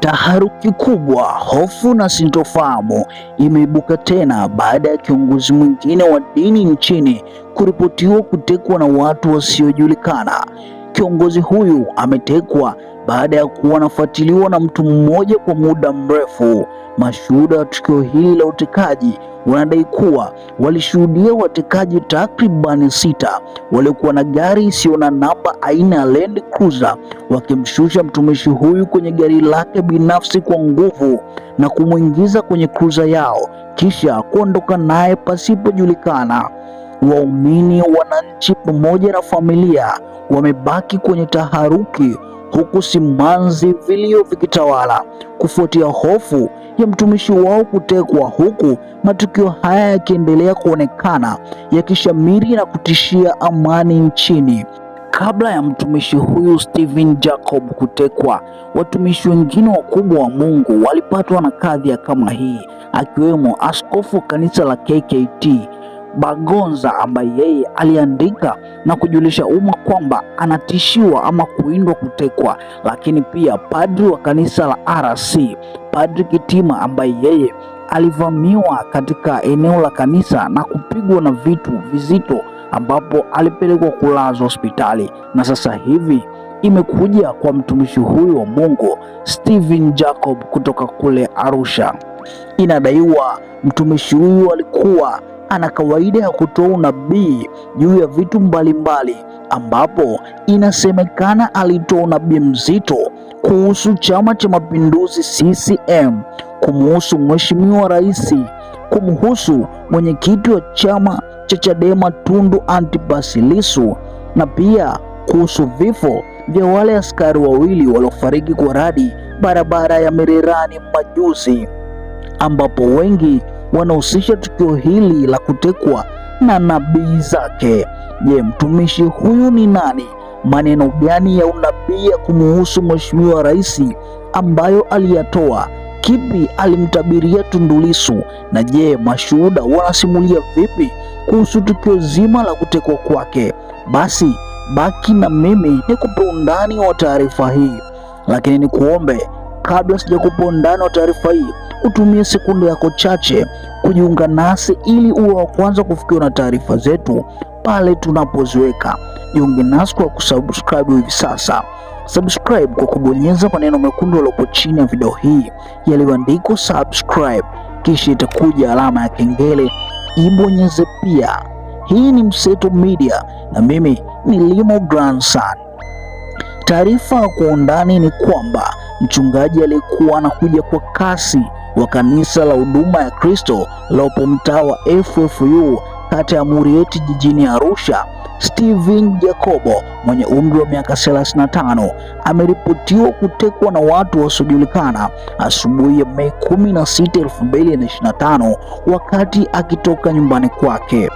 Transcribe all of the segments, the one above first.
Taharuki kubwa, hofu na sintofahamu imeibuka tena baada ya kiongozi mwingine wa dini nchini kuripotiwa kutekwa na watu wasiojulikana. Kiongozi huyu ametekwa baada ya kuwa wanafuatiliwa na mtu mmoja kwa muda mrefu. Mashuhuda wa tukio hili la utekaji wanadai kuwa walishuhudia watekaji takribani sita waliokuwa na gari isiyo na namba aina ya Land Cruiser wakimshusha mtumishi huyu kwenye gari lake binafsi kwa nguvu na kumwingiza kwenye cruiser yao kisha kuondoka naye pasipojulikana. Waumini, wananchi pamoja na familia wamebaki kwenye taharuki huku simanzi vilio vikitawala kufuatia hofu ya mtumishi wao kutekwa, huku matukio haya yakiendelea kuonekana yakishamiri na kutishia amani nchini. Kabla ya mtumishi huyu Stephen Jacob kutekwa, watumishi wengine wakubwa wa Mungu walipatwa na kadhia kama hii, akiwemo askofu kanisa la KKT Bagonza ambaye yeye aliandika na kujulisha umma kwamba anatishiwa ama kuindwa kutekwa. Lakini pia padri wa kanisa la RC Padri Kitima ambaye yeye alivamiwa katika eneo la kanisa na kupigwa na vitu vizito, ambapo alipelekwa kulazwa hospitali, na sasa hivi imekuja kwa mtumishi huyu wa Mungu Steven Jacob kutoka kule Arusha. Inadaiwa mtumishi huyu alikuwa ana kawaida ya kutoa unabii juu ya vitu mbalimbali mbali, ambapo inasemekana alitoa unabii mzito kuhusu Chama cha Mapinduzi CCM, kumuhusu Mheshimiwa Rais, kumhusu mwenyekiti wa chama cha Chadema Tundu Antipas Lissu na pia kuhusu vifo vya wale askari wawili waliofariki kwa radi barabara ya Mererani majuzi ambapo wengi wanahusisha tukio hili la kutekwa na nabii zake. Je, mtumishi huyu ni nani? Maneno gani ya unabii ya kumuhusu mheshimiwa rais ambayo aliyatoa? Kipi alimtabiria Tundu Lissu? Na je, mashuhuda wanasimulia vipi kuhusu tukio zima la kutekwa kwake? Basi baki na mimi nikupe undani wa taarifa hii, lakini ni kuombe kabla sijakupa undani wa taarifa hii, utumie sekunde yako chache kujiunga nasi ili uwe wa kwanza kufikiwa na taarifa zetu pale tunapoziweka. Jiunge nasi kwa kusubscribe hivi sasa. Subscribe kwa kubonyeza maneno mekundu yaliyopo chini ya video hii yaliyoandikwa subscribe, kisha itakuja alama ya kengele, ibonyeze pia. Hii ni Mseto Media na mimi ni Limo Grandson. Taarifa kwa undani ni kwamba mchungaji aliyekuwa anakuja kwa kasi wa kanisa la huduma ya Kristo laupo mtaa wa FFU kata ya Murieti jijini Arusha, Steven Jacobo mwenye umri wa miaka 35 ameripotiwa kutekwa na watu wasiojulikana asubuhi ya Mei 16, 2025 wakati akitoka nyumbani kwake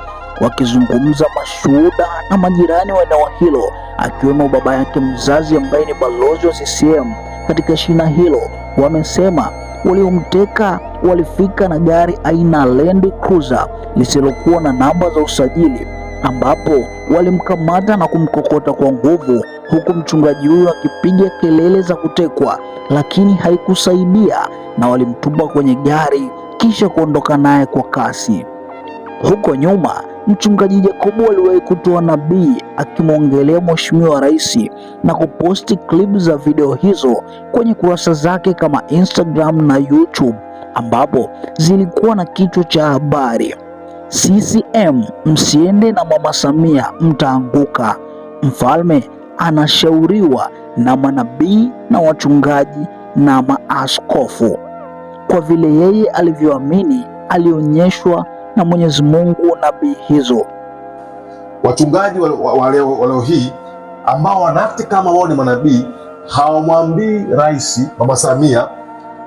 wakizungumza mashuhuda na majirani wa eneo hilo akiwemo baba yake mzazi ambaye ni balozi wa CCM katika shina hilo. Wamesema waliomteka walifika na gari aina Land Cruiser lisilokuwa na namba za usajili, ambapo walimkamata na kumkokota kwa nguvu, huku mchungaji huyo akipiga kelele za kutekwa, lakini haikusaidia na walimtupa kwenye gari kisha kuondoka naye kwa kasi. Huko nyuma Mchungaji Jacobo aliwahi kutoa nabii akimwongelea mheshimiwa rais na kuposti clip za video hizo kwenye kurasa zake kama Instagram na YouTube, ambapo zilikuwa na kichwa cha habari CCM msiende na mama Samia mtaanguka. Mfalme anashauriwa na manabii na wachungaji na maaskofu. Kwa vile yeye alivyoamini alionyeshwa na Mwenyezi Mungu nabii hizo. Wachungaji wa, wa, wa, leo, wa leo hii ambao wanafiki kama wao ni manabii, hawamwambii rais Mama Samia,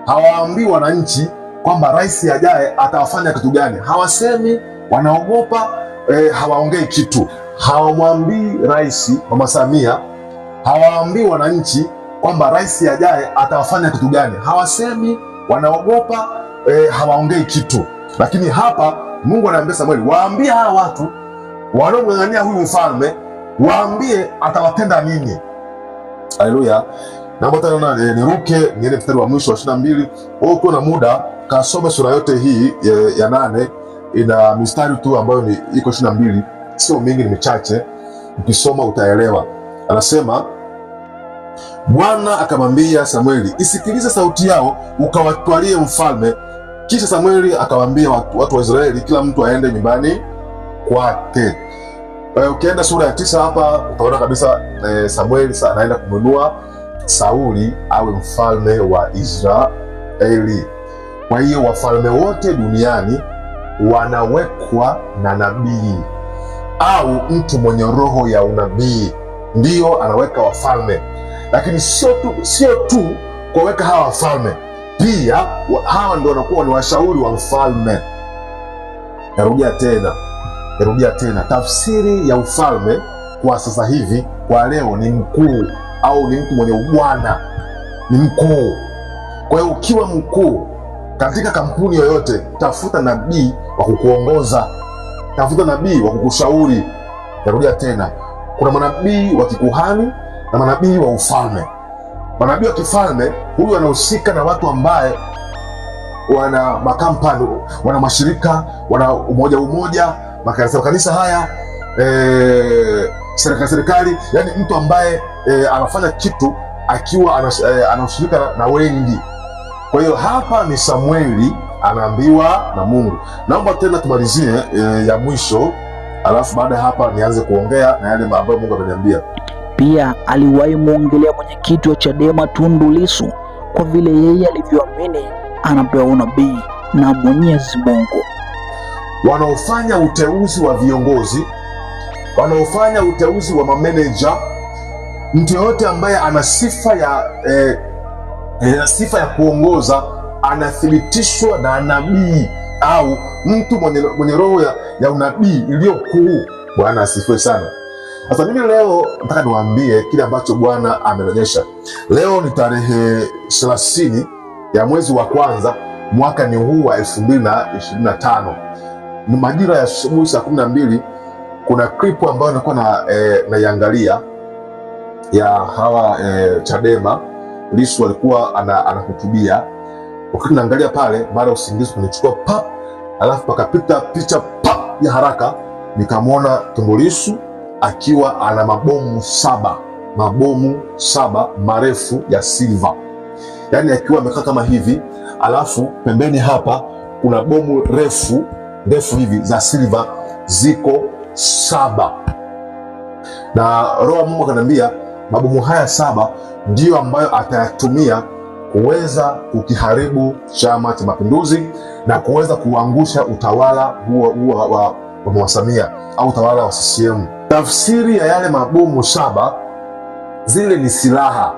hawaambii wananchi kwamba rais ajaye atawafanya kitu gani. Hawasemi, wanaogopa eh, hawaongei kitu. Hawamwambii rais Mama Samia, hawaambii wananchi kwamba rais ajaye atawafanya kitu gani. Hawasemi, wanaogopa eh, hawaongei kitu. Lakini hapa Mungu anaambia Samueli, waambie hawa watu wanaomng'ang'ania huyu mfalme, waambie atawatenda nini. Haleluya. Naomba tena niruke niende mstari wa mwisho wa ishirini na mbili. Ukiwa na muda kasome sura yote hii ya, ya nane. Ina mistari tu ambayo ni iko ishirini na mbili, sio mingi, ni michache. Ukisoma utaelewa. Anasema, Bwana akamwambia Samueli, isikilize sauti yao ukawatwalie mfalme kisha Samueli akawaambia watu, watu wa Israeli, kila mtu aende nyumbani kwake. Ukienda sura ya tisa hapa utaona kabisa e, Samueli anaenda kumnunua Sauli awe mfalme wa Israeli. Kwa hiyo wafalme wote duniani wanawekwa na nabii au mtu mwenye roho ya unabii, ndiyo anaweka wafalme, lakini sio tu tu kuweka hawa wafalme pia hawa ndio wanakuwa ni washauri wa mfalme. Narudia tena, narudia tena, tafsiri ya ufalme kwa sasa hivi, kwa leo ni mkuu au ni mtu mwenye ubwana, ni mkuu. Kwa hiyo ukiwa mkuu katika kampuni yoyote, tafuta nabii wa kukuongoza, tafuta nabii wa kukushauri. Narudia tena, kuna manabii wa kikuhani na manabii wa ufalme. Manabii wa kifalme huyu anahusika na watu ambaye wana makampani, wana mashirika, wana umoja umoja, makanisa kanisa haya e, serikali serikali, yani mtu ambaye e, anafanya kitu akiwa anas, e, eh, anashirika na, na wengi. Kwa hiyo hapa ni Samueli anaambiwa na Mungu. Naomba tena tumalizie e, ya mwisho, alafu baada ya hapa nianze kuongea na yale ambayo Mungu ameniambia. Pia aliwahi mwongelea mwenyekiti wa Chadema Tundu Lissu kwa vile yeye alivyoamini anapewa unabii na Mwenyezi Mungu. Wanaofanya uteuzi wa viongozi, wanaofanya uteuzi wa mameneja, mtu yoyote ambaye ana sifa ya eh, eh, sifa ya kuongoza anathibitishwa na nabii au mtu mwenye roho ya, ya unabii iliyo kuu. Bwana asifiwe sana. Sasa mimi leo nataka niwaambie kile ambacho Bwana amenionyesha. Leo ni tarehe 30 ya mwezi wa kwanza, mwaka ni huu wa 2025. Ni majira ya asubuhi saa 12. Kuna klipu ambayo nakuwa na eh, naiangalia ya hawa eh, Chadema Lissu alikuwa anahutubia ana wakati naangalia pale, baada ya usingizi kunichukua pap, alafu pakapita picha pap ya haraka, nikamwona Tundu Lissu akiwa ana mabomu saba, mabomu saba marefu ya silva, yaani akiwa amekaa kama hivi, alafu pembeni hapa kuna bomu refu ndefu hivi za silva ziko saba, na Roho Mungu akaniambia mabomu haya saba ndiyo ambayo atayatumia kuweza kukiharibu Chama cha Mapinduzi na kuweza kuangusha utawala huo huo wa wa Mama Samia au utawala wa CCM. Tafsiri ya yale mabomu saba, zile ni silaha,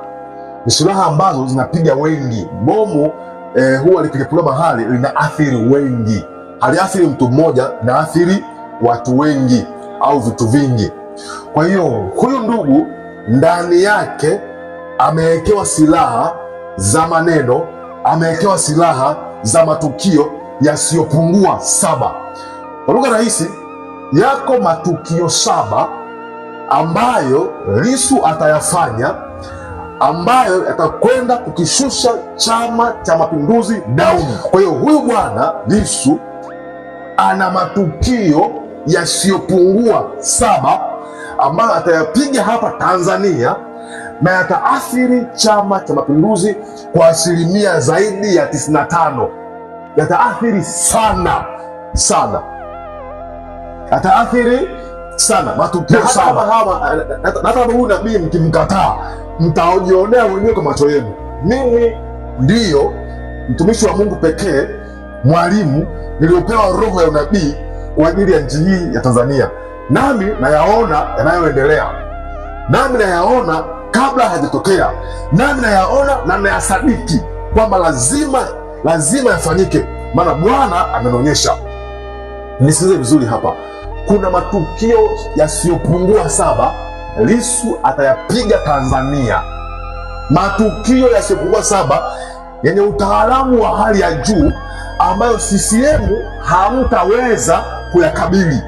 ni silaha ambazo zinapiga wengi. Bomu eh, huwa likipiga mahali linaathiri wengi, haliathiri mtu mmoja, linaathiri watu wengi au vitu vingi. Kwa hiyo huyu ndugu ndani yake amewekewa silaha za maneno, amewekewa silaha za matukio yasiyopungua saba. Kwa lugha rahisi yako matukio saba ambayo Lissu atayafanya ambayo yatakwenda kukishusha Chama cha Mapinduzi dauni Kwa hiyo huyu bwana Lissu ana matukio yasiyopungua saba ambayo atayapiga hapa Tanzania na yataathiri Chama cha Mapinduzi kwa asilimia zaidi ya 95, yataathiri sana sana ataathiri sana matukio sana. Hata huyu nabii mkimkataa, mtaojionea wenyewe kwa macho yenu. Mimi ndiyo mtumishi wa Mungu pekee, mwalimu niliopewa roho ya unabii kwa ajili ya nchi hii ya Tanzania, nami nayaona yanayoendelea, nami nayaona kabla hajatokea, nami nayaona na nayasadiki kwamba lazima lazima yafanyike, maana Bwana amenionyesha. Nisikize vizuri hapa kuna matukio yasiyopungua saba lisu atayapiga Tanzania, matukio yasiyopungua saba yenye utaalamu wa hali ya juu ambayo CCM hamtaweza kuyakabili.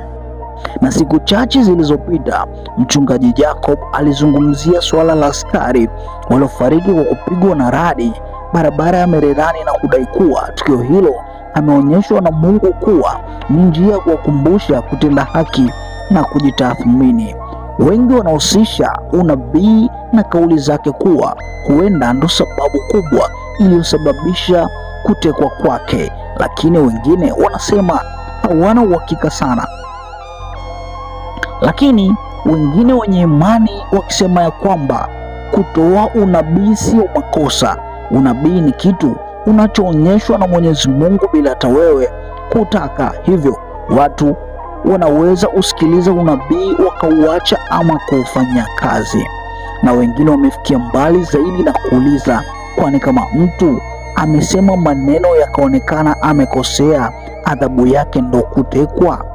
Na siku chache zilizopita mchungaji Jacob alizungumzia suala la askari waliofariki kwa kupigwa na radi barabara ya Mererani na kudai kuwa tukio hilo ameonyeshwa na Mungu kuwa ni njia ya kuwakumbusha kutenda haki na kujitathmini. Wengi wanahusisha unabii na kauli zake kuwa huenda ndo sababu kubwa iliyosababisha kutekwa kwake, lakini wengine wanasema hawana uhakika sana, lakini wengine wenye imani wakisema ya kwamba kutoa unabii sio makosa. Unabii ni kitu unachoonyeshwa na Mwenyezi Mungu bila hata wewe kutaka hivyo. Watu wanaweza usikiliza unabii wakauacha ama kuufanyia kazi, na wengine wamefikia mbali zaidi na kuuliza, kwani kama mtu amesema maneno yakaonekana amekosea, adhabu yake ndo kutekwa?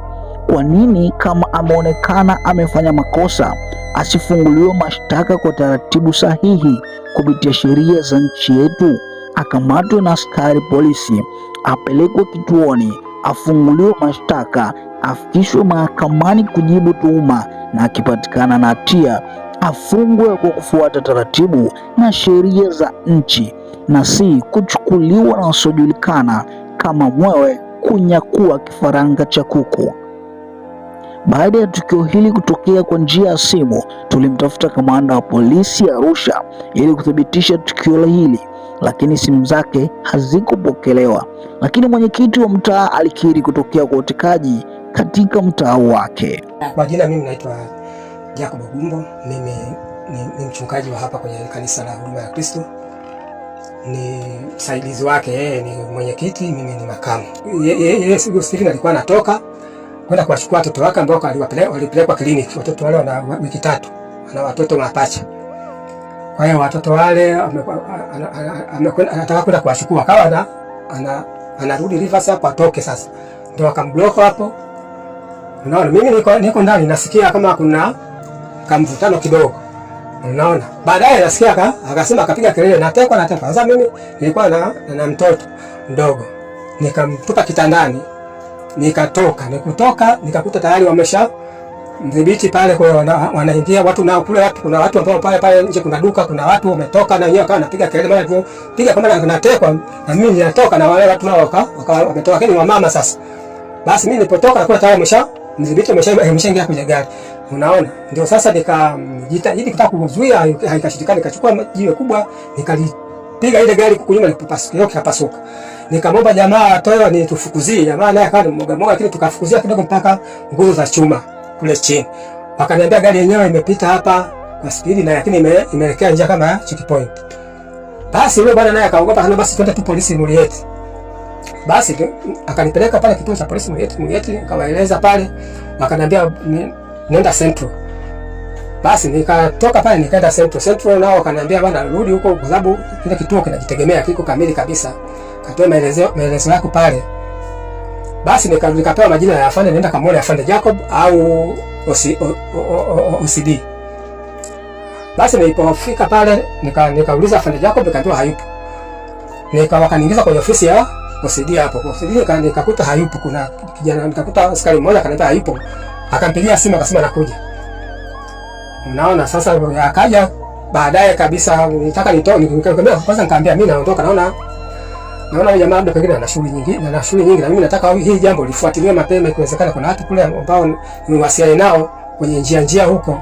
Kwa nini kama ameonekana amefanya makosa asifunguliwe mashtaka kwa taratibu sahihi kupitia sheria za nchi yetu? akamatwe na askari polisi, apelekwe kituoni, afunguliwe mashtaka, afikishwe mahakamani kujibu tuhuma, na akipatikana na hatia afungwe kwa kufuata taratibu na sheria za nchi, na si kuchukuliwa na wasiojulikana kama mwewe kunyakua kifaranga cha kuku. Baada ya tukio hili kutokea kwa njia ya simu, tulimtafuta kamanda wa polisi Arusha ili kuthibitisha tukio hili lakini simu zake hazikupokelewa. Lakini mwenyekiti wa mtaa alikiri kutokea kwa utekaji katika mtaa wake. kwa jina mimi naitwa Jacob Gumbo, mimi ni, ni mchungaji wa hapa kwenye kanisa la Huduma ya Kristo, ni msaidizi wake, yeye ni mwenyekiti, mimi ni makamu. Yeye siku Stephen alikuwa anatoka kwenda kuwachukua watoto wake ambao walipelekwa kliniki, watoto wale wana wiki tatu, wana watoto mapacha kwa hiyo watoto wale anataka kwenda kuwachukua, akawa anarudi Rivers hapo atoke sasa, ndio akamblock hapo. Unaona, mimi niko niko ndani nasikia kama kuna kamvutano kidogo, unaona. Baadaye nasikia akasema, akapiga kelele, natekwa, natekwa. Sasa mimi nilikuwa na, na mtoto mdogo, nikamtupa kitandani, nikatoka, nikutoka nikakuta tayari wamesha mdhibiti pale, kwa wanaingia watu nao kule watu, kuna watu ambao pale pale nje kuna duka, kuna watu wametoka na wenyewe, kama napiga kelele mara hivyo piga kama anatekwa na mimi ninatoka, na wale watu nao waka wametoka, lakini wamama sasa. Basi mimi nilipotoka nakuwa tayari msha mdhibiti ameshaingia eh, kwenye gari, unaona. Ndio sasa nikajita ili kutaka kuzuia, haikashindikana, nikachukua jiwe kubwa nikalipiga ile gari kukunyuma, nikapasuka kapasuka nikamwomba jamaa atoe ni tufukuzie Jamaa naye akawa mmoja mmoja, lakini tukafukuzia kidogo mpaka nguzo za chuma kule chini. Wakaniambia gari yenyewe imepita hapa kwa spidi na lakini ime, imeelekea njia kama checkpoint. Basi yule bwana naye akaogopa kana basi twende tu polisi Murieti. Basi akanipeleka pale kituo cha polisi Murieti, Murieti nikawaeleza pale, wakaniambia nenda Central. Basi nikatoka pale nikaenda Central. Central nao wakaniambia bwana rudi huko kwa sababu kile kituo kinajitegemea kiko kamili kabisa. Katoa maelezo maelezo yako pale basi nikapewa majina ya afande, nenda kamwona afande Jacob au OCD. Basi nilipofika pale nikauliza afande Jacob, nikaambiwa hayupo. nika Nikawakaingiza kwenye ofisi ya OCD hapo. kwa OCD nikakuta hayupo, kuna kijana nikakuta askari mmoja akaniambia hayupo, akampigia simu akasema nakuja. Unaona sasa, akaja baadaye kabisa, nitaka nitoe, nikamwambia kwanza, nikamwambia mimi naondoka, naona naona huyu jamaa labda pengine ana shughuli nyingi na shughuli nyingi, na mimi nataka hii jambo lifuatiliwe mapema, ikiwezekana kuna watu kule ambao niwasiliane nao kwenye njia njia huko.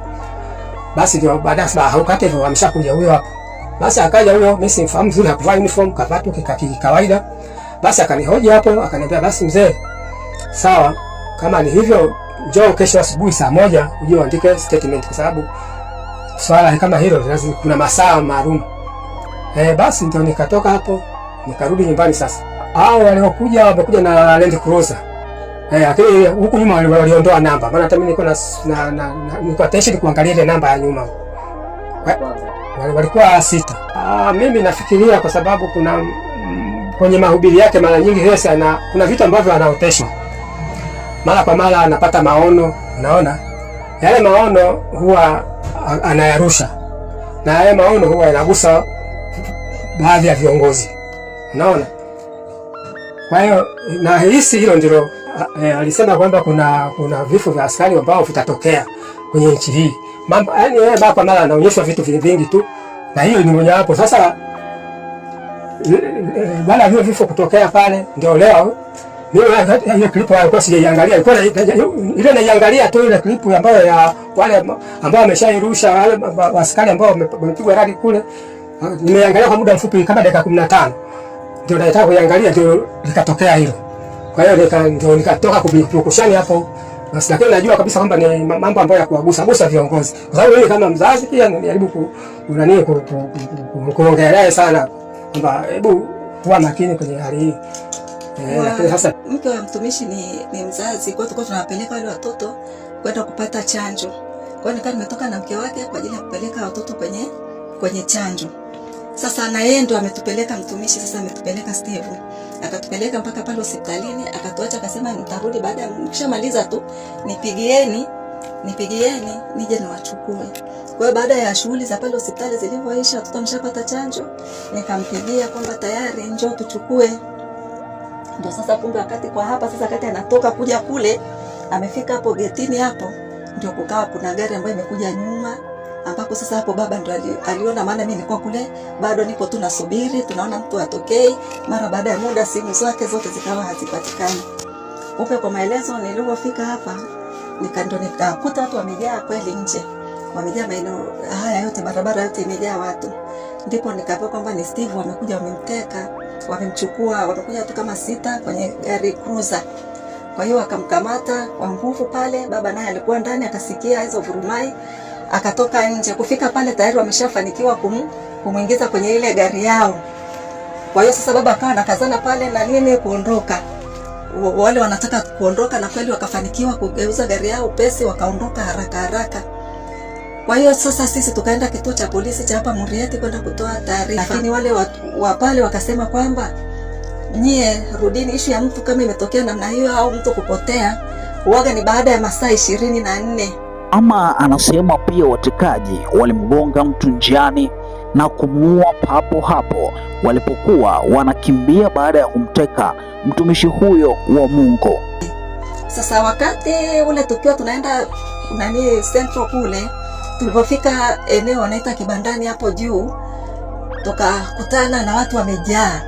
Basi ndio baadaye sasa haukate hivyo, ameshakuja huyo hapo. Basi akaja huyo, mimi simfahamu vizuri, hakuvaa uniform, kavaa tu kikaki kawaida. Basi akanihoji hapo, akaniambia basi mzee, sawa kama ni hivyo, njoo kesho asubuhi saa moja uje uandike statement, kwa sababu swala kama hilo lazima kuna masaa maalum. Eh, basi ndio nikatoka hapo nikarudi nyumbani sasa. Hao waliokuja wamekuja na Land Cruiser. Eh, lakini huku nyuma waliondoa namba. Maana hata mimi niko na na, na, na niko tayari kuangalia ile namba ya nyuma. Walikuwa sita. Ah, mimi nafikiria kwa sababu kuna kwenye mahubiri yake mara nyingi Yesu ana kuna vitu ambavyo anaotesha. Mara kwa mara anapata maono, unaona? Yale maono huwa anayarusha. Na yale maono huwa yanagusa baadhi ya viongozi. Naona. Kwa hiyo nahisi hilo ndilo eh, alisema kwamba kuna kuna vifo vya askari ambao vitatokea kwenye nchi hii. Mambo yani yeye baba kwa mara anaonyeshwa vitu vingi tu. Na hiyo ni moja wapo. Sasa baada ya vifo kutokea pale ndio leo hiyo klipu alikuwa sijaiangalia, ile naiangalia tu ile klipu ambayo ya wale ambao wameshairusha wale askari ambao wamepigwa radi kule, nimeangalia kwa muda mfupi kama dakika kumi tano ndio nataka kuangalia, ndio likatokea hilo. Kwa hiyo nika ndio nikatoka kukushani hapo basi, lakini najua kabisa kwamba ni mambo ambayo ya kuwagusa gusa viongozi, kwa sababu mimi kama mzazi pia nilijaribu kunani unani kuongelea sana kwamba hebu kuwa makini kwenye hali hii. Eh, lakini sasa mke wa mtumishi ni, ni mzazi, kwa hiyo tunapeleka wale watoto kwenda kupata chanjo. Kwa hiyo nikaa nimetoka na mke wake kwa ajili ya kupeleka watoto kwenye kwenye chanjo. Sasa na yeye ndo ametupeleka mtumishi, sasa ametupeleka Steve, akatupeleka mpaka pale hospitalini, akatuacha akasema, nitarudi baada ya nikishamaliza tu nipigieni, nipigieni nije niwachukue. Kwa hiyo baada ya shughuli za pale hospitali zilivyoisha, watoto tutamshapata chanjo, nikampigia kwamba tayari njoo tuchukue. Ndio sasa kumbe wakati kwa hapa sasa, kati anatoka kuja kule, amefika hapo getini hapo, ndio kukawa kuna gari ambayo imekuja nyuma ambapo sasa hapo baba ndo aliona, maana mimi nilikuwa kule bado nipo tu nasubiri, tunaona mtu atokei. Mara baada ya muda simu zake zote zikawa hazipatikani. Upe kwa maelezo, nilipofika hapa nikando nikakuta watu wamejaa kweli nje, wamejaa maeneo haya yote, barabara yote imejaa watu. Ndipo nikapewa kwamba ni Steve wamekuja, wamemteka, wamemchukua, wamekuja watu kama sita kwenye gari cruiser. Kwa hiyo akamkamata kwa nguvu pale. Baba naye alikuwa ndani, akasikia hizo vurumai akatoka nje. Kufika pale tayari wameshafanikiwa kum, kumwingiza kwenye ile gari yao. Kwa hiyo sasa baba akawa nakazana pale na nini kuondoka, wale wanataka kuondoka, na kweli wakafanikiwa kugeuza gari yao pesi, wakaondoka haraka haraka. Kwa hiyo sasa sisi tukaenda kituo cha polisi cha hapa Murieti kwenda kutoa taarifa, lakini wale wa pale wakasema kwamba nyie rudini. Ishu ya mtu kama imetokea namna hiyo au mtu kupotea, uwaga ni baada ya masaa ishirini na nne ama anasema pia watekaji walimgonga mtu njiani na kumuua papo hapo walipokuwa wanakimbia baada ya kumteka mtumishi huyo wa Mungu. Sasa wakati ule tukiwa tunaenda nani Central kule, tulipofika eneo wanaita kibandani hapo juu, tukakutana na watu wamejaa,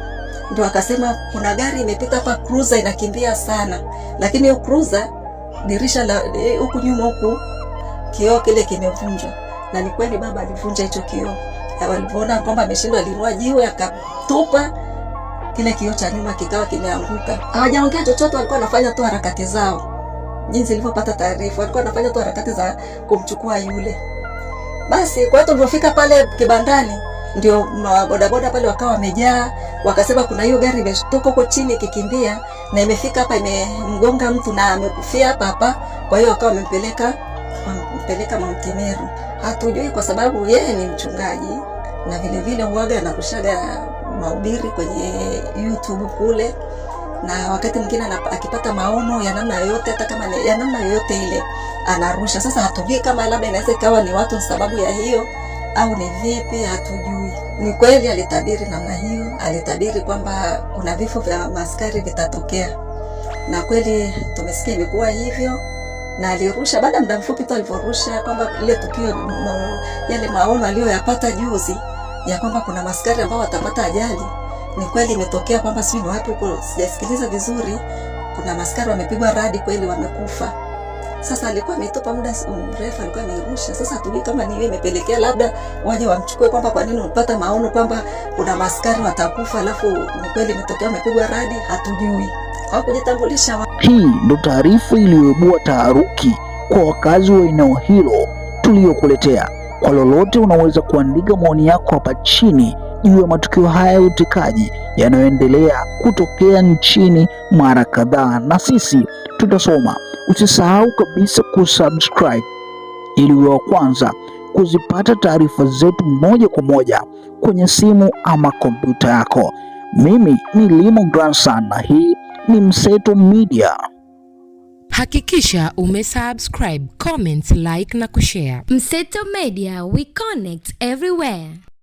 ndio akasema kuna gari imepita hapa, cruiser inakimbia sana, lakini hiyo cruiser dirisha la eh, huku nyuma huku kioo kile kimevunjwa, na ni kweli baba alivunja hicho kioo. Walivyoona kwamba ameshindwa, alinua jiwe akatupa kile kioo cha nyuma, kikawa kimeanguka. Hawajaongea chochote, walikuwa wanafanya tu harakati zao. Jinsi nilivyopata taarifa, walikuwa wanafanya tu harakati za kumchukua yule. Basi kwa hiyo tulivyofika pale kibandani ndio bodaboda pale wakawa wamejaa, wakasema kuna hiyo gari imetoka huko chini ikikimbia na imefika hapa imemgonga mtu na amekufia hapa hapa. Kwa hiyo wakawa wamempeleka kumpeleka Mount Meru. Hatujui kwa sababu yeye ni mchungaji na vile vile huaga anakushaga mahubiri kwenye YouTube kule, na wakati mwingine akipata maono ya namna yoyote, hata kama ya namna yoyote ile anarusha. Sasa hatujui kama labda inaweza ikawa ni watu sababu ya hiyo au ni vipi, hatujui. Ni kweli alitabiri namna hiyo, alitabiri kwamba kuna vifo vya maskari vitatokea, na kweli tumesikia imekuwa hivyo na alirusha baada muda mfupi tu alivyorusha kwamba ile tukio ma, yale maono aliyoyapata juzi ya kwamba kuna maskari ambao watapata ajali ni kweli imetokea, kwamba sijui ni wapi huko, sijasikiliza vizuri. Kuna maskari wamepigwa radi kweli, wamekufa. Sasa alikuwa ametupa muda mrefu, alikuwa amerusha. Sasa tujui kama ni yeye imepelekea, labda waje wamchukue, kwamba kwa nini ulipata maono kwamba kuna maskari watakufa, alafu ni kweli imetokea, wamepigwa radi, hatujui hawakujitambulisha hii ndo taarifa iliyoibua taharuki kwa wakazi wa eneo hilo tuliyokuletea. Kwa lolote, unaweza kuandika maoni yako hapa chini juu ya matukio haya ya utekaji yanayoendelea kutokea nchini mara kadhaa, na sisi tutasoma. Usisahau kabisa kusubscribe ili uwe wa kwanza kuzipata taarifa zetu moja kwa moja kwenye simu ama kompyuta yako. Mimi ni Limo Grandson na hii ni Mseto Media. Hakikisha ume subscribe, comment, like na kushare. Mseto Media, we connect everywhere.